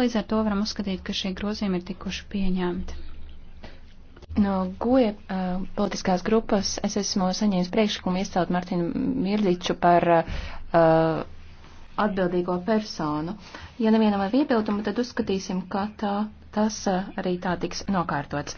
Līdz ar to varam uzskatīt, ka šie grozījumi ir tikuši pieņemti. No GUE uh, politiskās grupas es esmu saņēmis priekšlikumu iestāt Martinu Mirdiču par uh, atbildīgo personu. Ja nevienam ir iebildumu, tad uzskatīsim, ka tā, tas uh, arī tā tiks nokārtots.